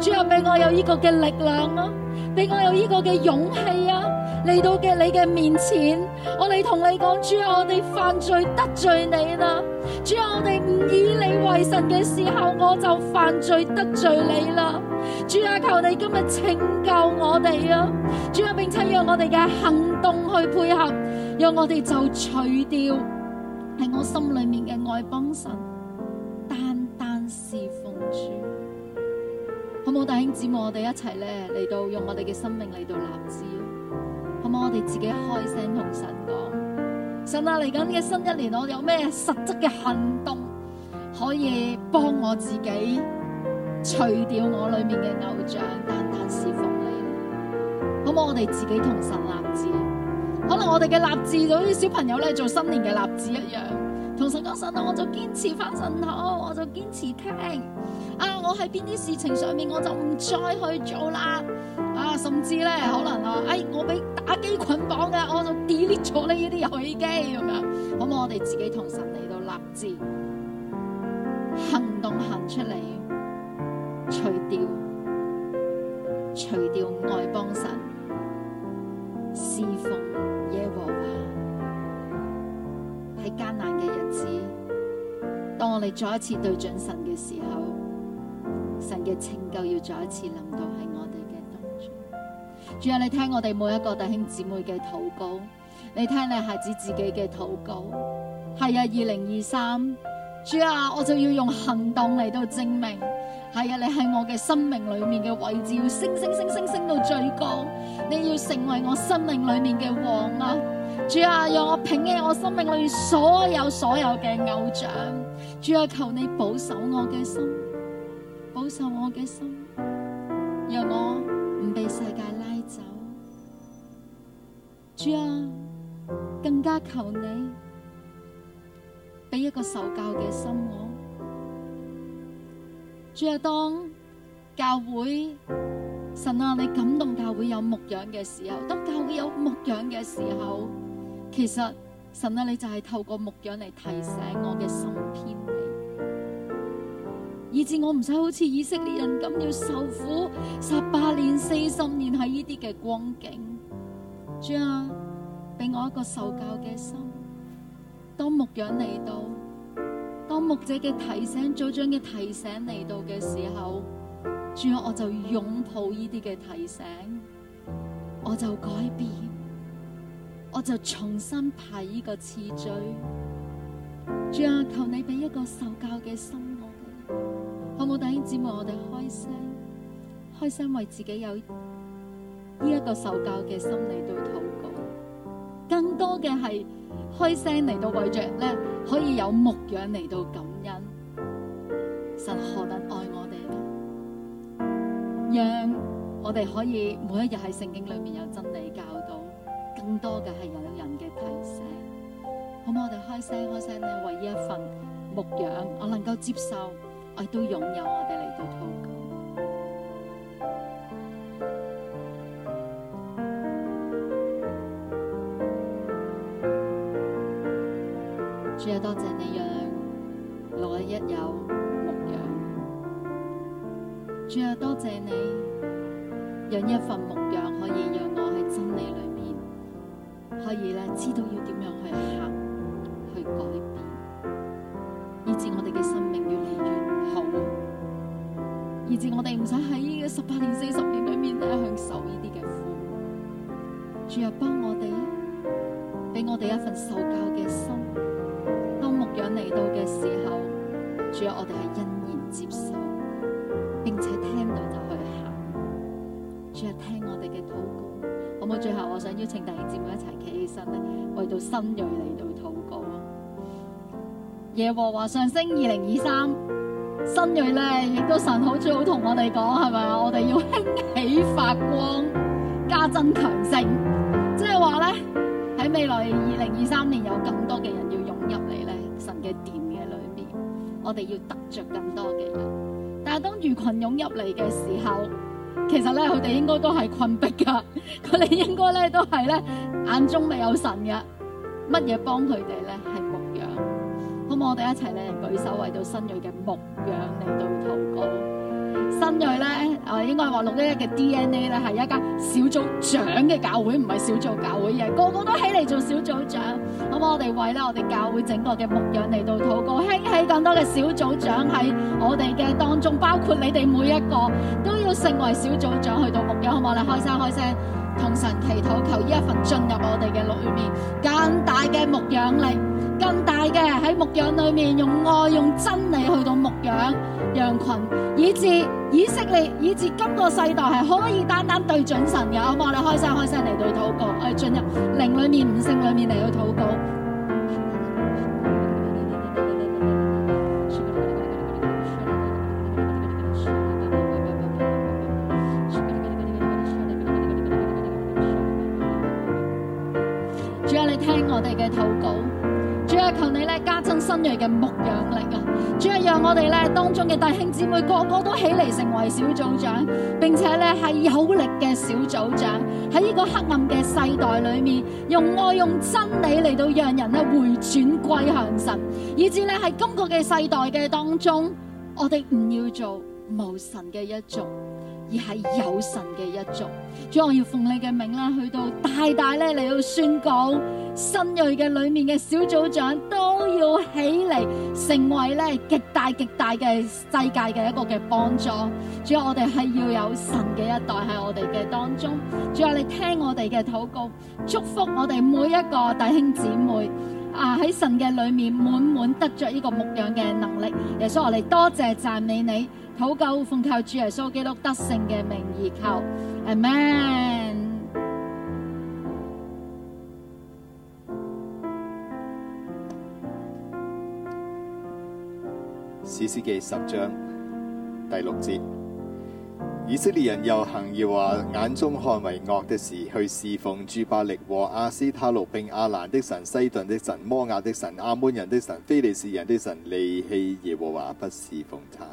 主啊，俾我有呢個嘅力量啊，俾我有呢個嘅勇氣啊，嚟到嘅你嘅面前，我哋同你講，主啊，我哋犯罪得罪你啦。主啊，我哋唔以你為神嘅時候，我就犯罪得罪你啦。主啊，求你今日拯救我哋啊！主啊，並且讓我哋嘅行動去配合，讓我哋就除掉喺我心裏面嘅外邦神，單單侍奉主。好唔好，弟兄姊妹，我哋一齊咧，嚟到用我哋嘅生命嚟到立志，好唔好，我哋自己開聲同神講。神啊，嚟緊嘅新一年，我哋有咩實質嘅行動可以幫我自己除掉我裏面嘅偶像，單單侍奉你咧，好唔好？我哋自己同神立志，可能我哋嘅立志就好似小朋友咧做新年嘅立志一樣。同神講神咯，我就堅持翻信。好，我就堅持聽。啊，我喺邊啲事情上面我就唔再去做啦。啊，甚至咧可能啊，哎，我俾打機捆綁嘅，我就 delete 咗呢啲遊戲機咁樣。咁、啊、我哋自己同神嚟到立志，行動行出嚟，除掉，除掉外邦神侍奉。喺艱難嘅日子，當我哋再一次對準神嘅時候，神嘅拯救要再一次臨到喺我哋嘅當中。主啊，你聽我哋每一個弟兄姊妹嘅禱告，你聽你孩子自己嘅禱告。係啊，二零二三，主啊，我就要用行動嚟到證明，係啊，你喺我嘅生命裏面嘅位置要升升升升升到最高，你要成為我生命裏面嘅王啊！主啊，讓我摒棄我生命裏所有所有嘅偶像，主啊，求你保守我嘅心，保守我嘅心，讓我唔被世界拉走。主啊，更加求你俾一個受教嘅心我。主啊，當教會，神啊，你感動教會有牧養嘅時候，當教會有牧養嘅時候。其實神啊，你就係透過牧養嚟提醒我嘅心偏離，以至我唔使好似以色列人咁要受苦十八年、四十年喺呢啲嘅光景。主啊，俾我一個受教嘅心。當牧養嚟到，當牧者嘅提醒，組長嘅提醒嚟到嘅時候，主啊，我就擁抱呢啲嘅提醒，我就改變。我就重新排呢個次序，主啊，求你俾一個受教嘅心我哋，好唔好？弟兄姊妹，我哋開聲，開聲為自己有呢一個受教嘅心嚟到禱告，更多嘅係開聲嚟到為着咧可以有牧養嚟到感恩，神何等愛我哋，讓我哋可以每一日喺聖經裏面有真理。更多嘅係有人嘅提醒，好唔好？我哋開聲開聲咧，唯一一份牧養，我能夠接受，我亦都擁有。主啊，多謝你讓我一有牧養。主啊，多謝你有一份牧。所以咧，知道要點樣去行，去改變，以致我哋嘅生命越嚟越好，以致我哋唔使喺呢個十八年、四十年裏面咧享受呢啲嘅苦。主啊，幫我哋，俾我哋一份受教嘅心。當牧養嚟到嘅時候，主啊，我哋係認。邀請大家節目一齊企起身咧，為到新銳嚟到禱告。啊。耶和華上升二零二三，新銳咧亦都神好最好同我哋講，係咪啊？我哋要興起發光，加增強盛。即係話咧，喺未來二零二三年有更多嘅人要湧入嚟咧神嘅殿嘅裏面。我哋要得着更多嘅人。但係當魚群湧入嚟嘅時候，其實咧，佢哋應該都係困逼噶，佢哋應該咧都係咧眼中未有神嘅，乜嘢幫佢哋咧係牧養。咁我哋一齊咧舉手為到新銳嘅牧養嚟到禱告。新銳咧，誒，應該話六一一嘅 DNA 咧係一間小組長嘅教會，唔係小組教會嘅，個個都起嚟做小組長。我哋為咧我哋教會整個嘅牧養嚟到禱告，興起更多嘅小組長喺我哋嘅當中，包括你哋每一個都要成為小組長去到牧養，好唔好？你開聲開聲，同神祈禱求呢一份進入我哋嘅裏面，更大嘅牧養力，更大嘅喺牧養裏面用愛用真理去到牧養羊群，以至以色列，以至今個世代係可以單單對準神嘅，好唔好？你開聲開聲嚟到禱告，去進入靈裏面、悟性裏面嚟到禱告。嘅牧養力啊，主要係讓我哋咧當中嘅弟兄姊妹個個都起嚟成為小組長，並且咧係有力嘅小組長喺呢個黑暗嘅世代裏面，用愛用真理嚟到讓人咧回轉歸向神，以至咧喺今個嘅世代嘅當中，我哋唔要做無神嘅一族。而係有神嘅一族，主啊，要奉你嘅名咧，去到大大咧嚟到宣告，新銳嘅裏面嘅小組長都要起嚟，成為咧極大極大嘅世界嘅一個嘅幫助。主啊，我哋係要有神嘅一代喺我哋嘅當中。主啊，你聽我哋嘅禱告，祝福我哋每一個弟兄姊妹啊，喺神嘅裏面滿滿得著呢個牧養嘅能力。耶穌，我哋多謝讚美你。禱告，土奉靠主耶穌基督得勝嘅名義求，Amen。士師記十章第六節，以色列人又行耶和華眼中看為惡的事，去侍奉諸巴力和亞斯他錄並阿蘭的神、西頓的神、摩亞的神、阿門人的神、非利士人的神，離棄耶和華，不侍奉他。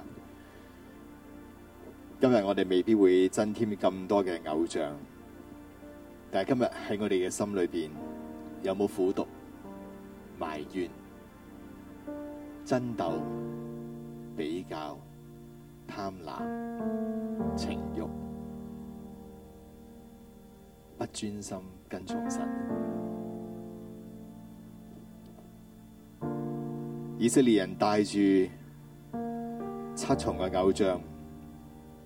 今日我哋未必會增添咁多嘅偶像，但係今日喺我哋嘅心裏邊，有冇苦毒、埋怨、爭鬥、比較、貪婪、情欲、不專心跟從神？以色列人帶住七重嘅偶像。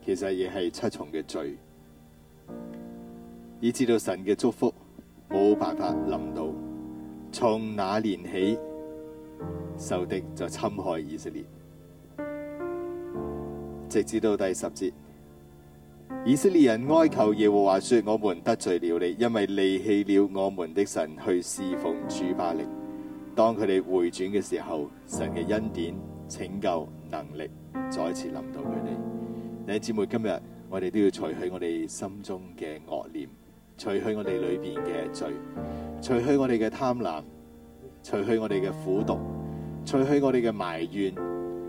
其實亦係七重嘅罪，以至到神嘅祝福冇辦法臨到。從那年起，受敵就侵害以色列，直至到第十節，以色列人哀求耶和華說：我們得罪了你，因為離棄了我們的神去侍奉主巴力。當佢哋回轉嘅時候，神嘅恩典拯救能力再次臨到佢哋。弟兄姊妹，今日我哋都要除去我哋心中嘅惡念，除去我哋裏邊嘅罪，除去我哋嘅貪婪，除去我哋嘅苦毒，除去我哋嘅埋怨，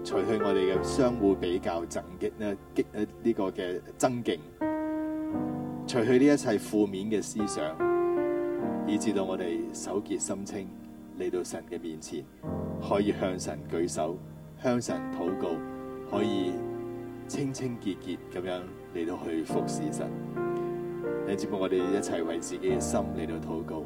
除去我哋嘅相互比較、憎激咧激誒呢個嘅憎勁，除去呢一切負面嘅思想，以至到我哋手潔心清，嚟到神嘅面前，可以向神舉手，向神禱告，可以。清清潔潔咁樣嚟到去服侍神。你喺節目我哋一齊為自己嘅心嚟到禱告。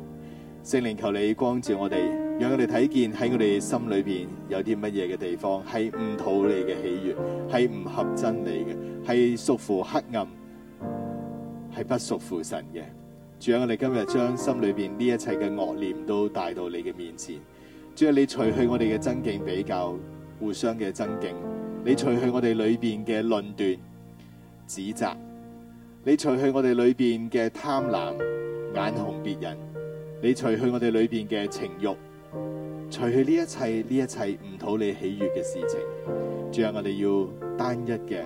聖靈求你光照我哋，讓我哋睇見喺我哋心裏邊有啲乜嘢嘅地方係唔討你嘅喜悦，係唔合真理嘅，係屬乎黑暗，係不屬乎神嘅。仲有，我哋今日將心裏邊呢一切嘅惡念都帶到你嘅面前。主啊，你除去我哋嘅爭競比較，互相嘅爭競。你除去我哋裏邊嘅論斷、指責；你除去我哋裏邊嘅貪婪、眼紅別人；你除去我哋裏邊嘅情慾；除去呢一切、呢一切唔討你喜悅嘅事情。仲有我哋要單一嘅、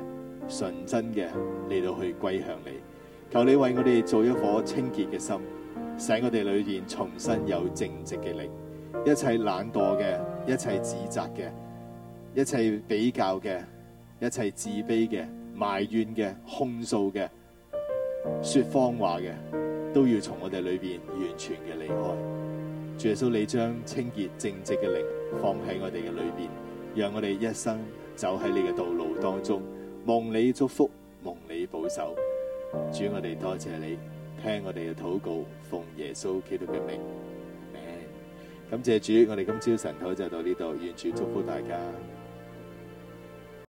純真嘅嚟到去歸向你。求你為我哋做一顆清潔嘅心，使我哋裏邊重新有正直嘅力。一切懶惰嘅、一切指責嘅。一切比較嘅、一切自卑嘅、埋怨嘅、控訴嘅、說謊話嘅，都要從我哋裏邊完全嘅離開。主耶穌，你將清潔正直嘅靈放喺我哋嘅裏邊，讓我哋一生走喺你嘅道路當中，蒙你祝福，蒙你保守。主，我哋多謝你，聽我哋嘅禱告，奉耶穌基督嘅名。感謝主，我哋今朝晨禱就到呢度，願主祝福大家。